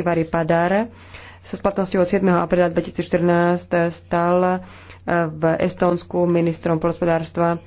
Ivary Padar sa splatnosťou od 7. apríla 2014 stal eh, v Estónsku ministrom polospodárstva